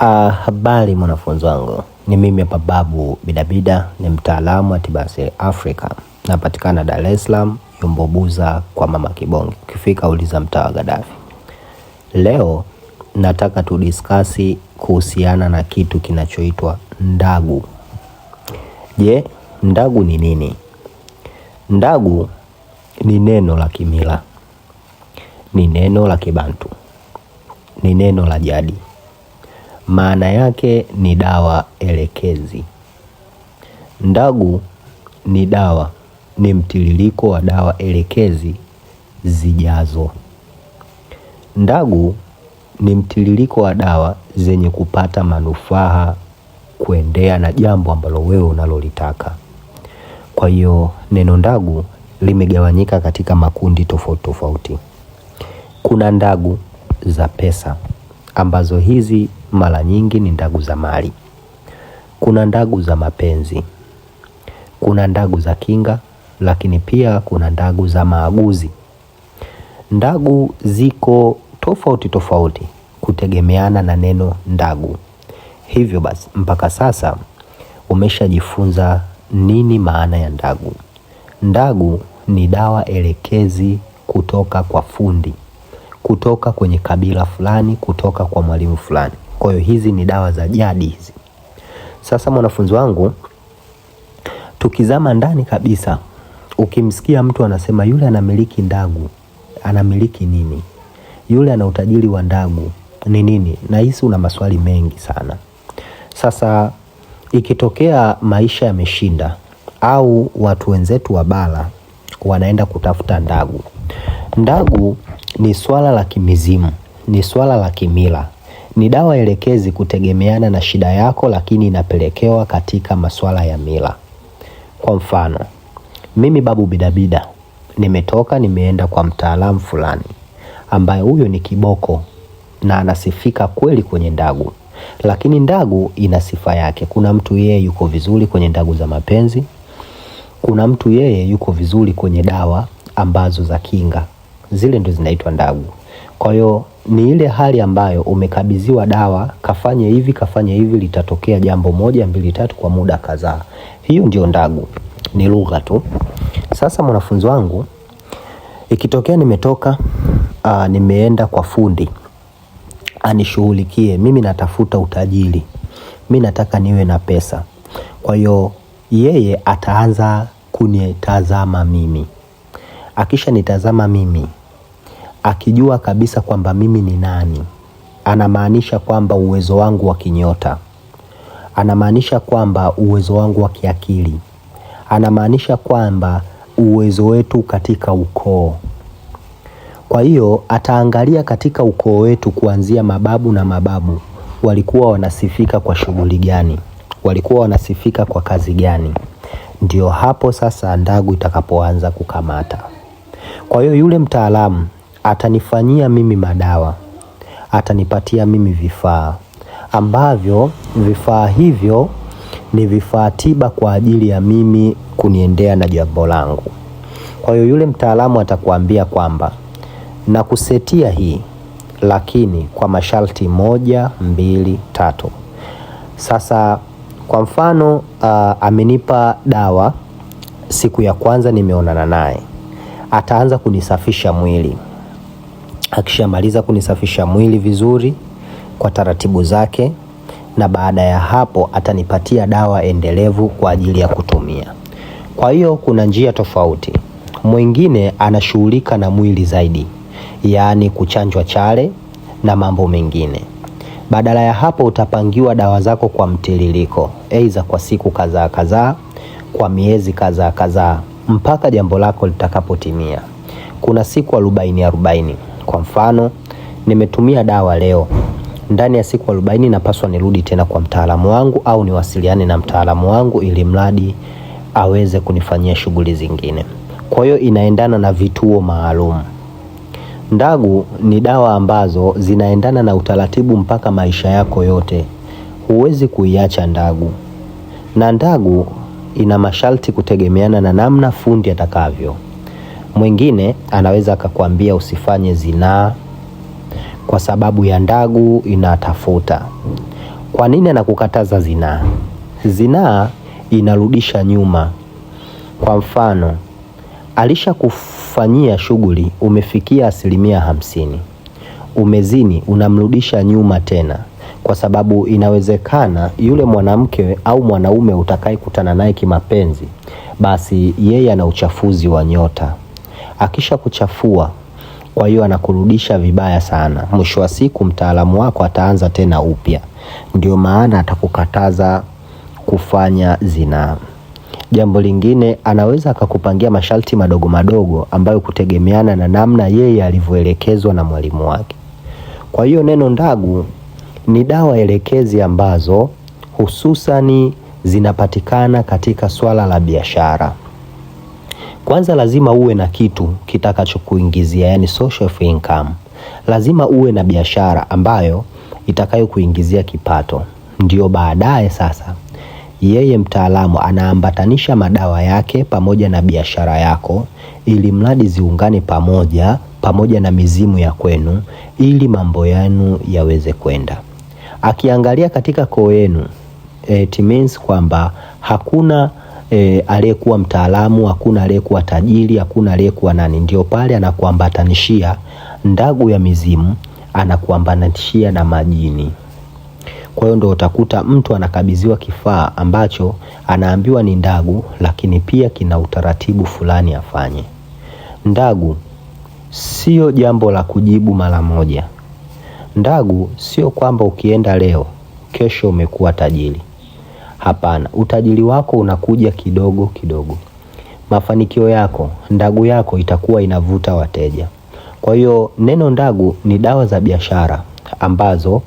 Uh, habari mwanafunzi wangu, ni mimi hapa Babu Bidabida, ni mtaalamu wa tiba asili Afrika, napatikana Dar es Salaam Yumbobuza kwa Mama Kibonge, ukifika uliza mtaa wa Gadafi. Leo nataka tudiskasi kuhusiana na kitu kinachoitwa ndagu. Je, ndagu ni nini? Ndagu ni neno la kimila, ni neno la Kibantu, ni neno la jadi maana yake ni dawa elekezi. Ndagu ni dawa, ni mtiririko wa dawa elekezi zijazo. Ndagu ni mtiririko wa dawa zenye kupata manufaa kuendea na jambo ambalo wewe unalolitaka. Kwa hiyo neno ndagu limegawanyika katika makundi tofauti tofauti. Kuna ndagu za pesa ambazo hizi mara nyingi ni ndagu za mali. Kuna ndagu za mapenzi, kuna ndagu za kinga, lakini pia kuna ndagu za maaguzi. Ndagu ziko tofauti tofauti kutegemeana na neno ndagu. Hivyo basi, mpaka sasa umeshajifunza nini maana ya ndagu. Ndagu ni dawa elekezi kutoka kwa fundi, kutoka kwenye kabila fulani, kutoka kwa mwalimu fulani. Kwa hiyo hizi ni dawa za jadi hizi. Sasa mwanafunzi wangu, tukizama ndani kabisa, ukimsikia mtu anasema yule anamiliki ndagu, anamiliki nini? Yule ana utajiri wa ndagu ni nini? Nahisi una maswali mengi sana. Sasa ikitokea maisha yameshinda au watu wenzetu wa bara wanaenda kutafuta ndagu, ndagu ni swala la kimizimu, ni swala la kimila ni dawa elekezi kutegemeana na shida yako, lakini inapelekewa katika masuala ya mila. Kwa mfano, mimi babu bidabida nimetoka nimeenda kwa mtaalamu fulani ambaye huyo ni kiboko na anasifika kweli kwenye ndagu, lakini ndagu ina sifa yake. Kuna mtu yeye yuko vizuri kwenye ndagu za mapenzi, kuna mtu yeye yuko vizuri kwenye dawa ambazo za kinga, zile ndo zinaitwa ndagu. Kwa hiyo ni ile hali ambayo umekabidhiwa dawa, kafanye hivi, kafanye hivi, litatokea jambo moja mbili tatu kwa muda kadhaa. Hiyo ndio ndagu, ni lugha tu. Sasa mwanafunzi wangu, ikitokea nimetoka aa, nimeenda kwa fundi anishughulikie mimi, natafuta utajiri, mi nataka niwe na pesa. Kwa hiyo yeye ataanza kunitazama mimi, akisha nitazama mimi akijua kabisa kwamba mimi ni nani, anamaanisha kwamba uwezo wangu wa kinyota, anamaanisha kwamba uwezo wangu wa kiakili, anamaanisha kwamba uwezo wetu katika ukoo. Kwa hiyo ataangalia katika ukoo wetu kuanzia mababu na mababu walikuwa wanasifika kwa shughuli gani, walikuwa wanasifika kwa kazi gani. Ndio hapo sasa ndagu itakapoanza kukamata. Kwa hiyo yule mtaalamu atanifanyia mimi madawa, atanipatia mimi vifaa ambavyo vifaa hivyo ni vifaa tiba kwa ajili ya mimi kuniendea na jambo langu. Kwa hiyo yule mtaalamu atakuambia kwamba nakusetia hii, lakini kwa masharti moja, mbili, tatu. Sasa kwa mfano uh, amenipa dawa siku ya kwanza nimeonana naye, ataanza kunisafisha mwili. Akishamaliza kunisafisha mwili vizuri kwa taratibu zake, na baada ya hapo atanipatia dawa endelevu kwa ajili ya kutumia. Kwa hiyo kuna njia tofauti. Mwingine anashughulika na mwili zaidi, yaani kuchanjwa chale na mambo mengine. Badala ya hapo utapangiwa dawa zako kwa mtiririko, aidha kwa siku kadhaa kadhaa, kwa miezi kadhaa kadhaa, mpaka jambo lako litakapotimia. Kuna siku arobaini arobaini. Kwa mfano, nimetumia dawa leo, ndani ya siku arobaini napaswa nirudi tena kwa mtaalamu wangu au niwasiliane na mtaalamu wangu ili mradi aweze kunifanyia shughuli zingine. Kwa hiyo inaendana na vituo maalum. Ndagu ni dawa ambazo zinaendana na utaratibu mpaka maisha yako yote, huwezi kuiacha ndagu, na ndagu ina masharti kutegemeana na namna fundi atakavyo. Mwingine anaweza akakwambia usifanye zinaa kwa sababu ya ndagu inatafuta. Kwa nini anakukataza zinaa? Zinaa inarudisha nyuma. Kwa mfano, alishakufanyia shughuli, umefikia asilimia hamsini, umezini, unamrudisha nyuma tena, kwa sababu inawezekana yule mwanamke au mwanaume utakayekutana naye kimapenzi, basi yeye ana uchafuzi wa nyota akisha kuchafua, kwa hiyo anakurudisha vibaya sana. Mwisho wa siku mtaalamu wako ataanza tena upya, ndio maana atakukataza kufanya zinaa. Jambo lingine, anaweza akakupangia masharti madogo madogo ambayo kutegemeana na namna yeye alivyoelekezwa na mwalimu wake. Kwa hiyo neno ndagu ni dawa elekezi ambazo hususani zinapatikana katika swala la biashara. Kwanza lazima uwe na kitu kitakachokuingizia, yani source of income. Lazima uwe na biashara ambayo itakayokuingizia kipato, ndio baadaye sasa yeye mtaalamu anaambatanisha madawa yake pamoja na biashara yako, ili mradi ziungane pamoja, pamoja na mizimu ya kwenu, ili mambo yenu yaweze kwenda. Akiangalia katika koo yenu, it means kwamba hakuna e, aliyekuwa mtaalamu, hakuna aliyekuwa tajiri, hakuna aliyekuwa nani. Ndio pale anakuambatanishia ndagu ya mizimu, anakuambatanishia na majini. Kwa hiyo ndio utakuta mtu anakabidhiwa kifaa ambacho anaambiwa ni ndagu, lakini pia kina utaratibu fulani afanye. Ndagu sio jambo la kujibu mara moja. Ndagu sio kwamba ukienda leo kesho umekuwa tajiri. Hapana, utajiri wako unakuja kidogo kidogo. Mafanikio yako, ndagu yako itakuwa inavuta wateja. Kwa hiyo neno ndagu ni dawa za biashara ambazo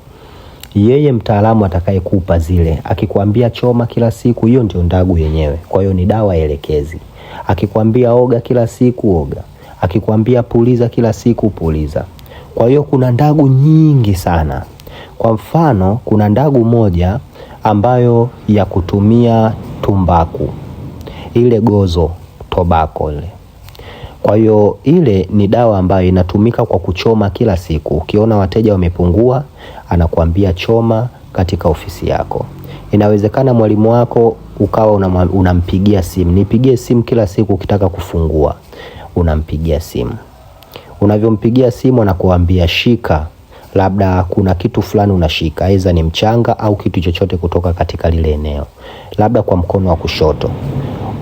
yeye mtaalamu atakayekupa zile, akikwambia choma kila siku, hiyo ndio ndagu yenyewe. Kwa hiyo ni dawa elekezi. Akikwambia oga kila siku, oga. Akikwambia puliza kila siku, puliza. Kwa hiyo kuna ndagu nyingi sana. Kwa mfano, kuna ndagu moja ambayo ya kutumia tumbaku ile gozo tobako ile. Kwa hiyo ile ni dawa ambayo inatumika kwa kuchoma kila siku. Ukiona wateja wamepungua, anakuambia choma katika ofisi yako. Inawezekana mwalimu wako ukawa unampigia simu, nipigie simu kila siku ukitaka kufungua, unampigia simu. Unavyompigia simu, anakuambia shika labda kuna kitu fulani unashika, aidha ni mchanga au kitu chochote kutoka katika lile eneo, labda kwa mkono wa kushoto.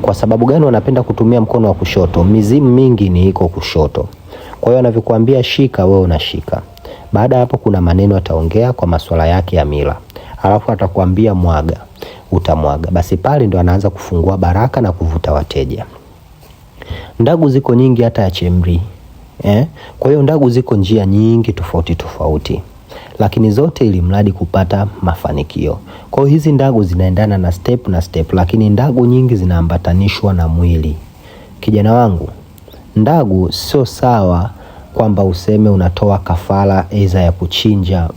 Kwa sababu gani wanapenda kutumia mkono wa kushoto? Mizimu mingi ni iko kushoto, kwa hiyo anavyokuambia shika, wewe unashika. Baada ya hapo, kuna maneno ataongea kwa masuala yake ya mila, alafu atakwambia mwaga, utamwaga. Basi pale ndo anaanza kufungua baraka na kuvuta wateja. Ndagu ziko nyingi hata ya chemri eh? Kwa hiyo ndagu ziko njia nyingi tofauti tofauti, lakini zote ili mradi kupata mafanikio. Kwa hiyo hizi ndagu zinaendana na step na step, lakini ndagu nyingi zinaambatanishwa na mwili. Kijana wangu, ndagu sio sawa kwamba useme unatoa kafara eza ya kuchinja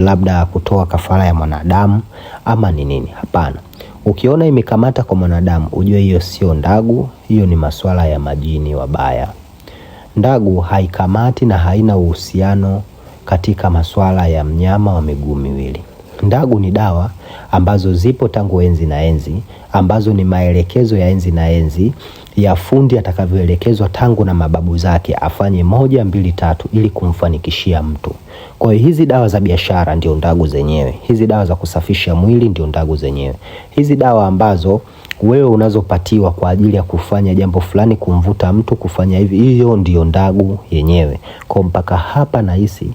labda kutoa kafara ya mwanadamu ama ni nini. Hapana, ukiona imekamata kwa mwanadamu ujue hiyo sio ndagu, hiyo ni masuala ya majini wabaya. Ndagu haikamati na haina uhusiano katika masuala ya mnyama wa miguu miwili. Ndagu ni dawa ambazo zipo tangu enzi na enzi, ambazo ni maelekezo ya enzi na enzi ya fundi atakavyoelekezwa tangu na mababu zake afanye moja mbili tatu ili kumfanikishia mtu. Kwa hiyo hizi dawa za biashara ndio ndagu zenyewe, hizi dawa za kusafisha mwili ndio ndagu zenyewe, hizi dawa ambazo wewe unazopatiwa kwa ajili ya kufanya jambo fulani, kumvuta mtu kufanya hivi, hiyo ndiyo ndagu yenyewe. Kwa mpaka hapa nahisi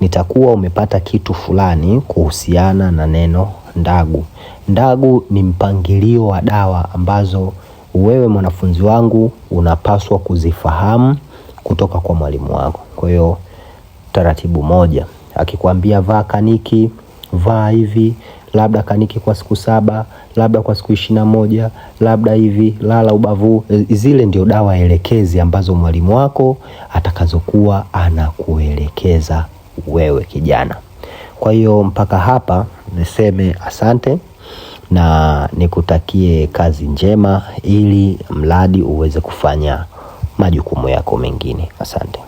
nitakuwa umepata kitu fulani kuhusiana na neno ndagu. Ndagu ni mpangilio wa dawa ambazo wewe mwanafunzi wangu unapaswa kuzifahamu kutoka kwa mwalimu wako. Kwa hiyo taratibu moja, akikwambia vaa kaniki, vaa hivi labda kaniki kwa siku saba, labda kwa siku ishirini na moja, labda hivi lala ubavu. Zile ndio dawa elekezi ambazo mwalimu wako atakazokuwa anakuelekeza wewe kijana. Kwa hiyo mpaka hapa niseme asante na nikutakie kazi njema, ili mradi uweze kufanya majukumu yako mengine. Asante.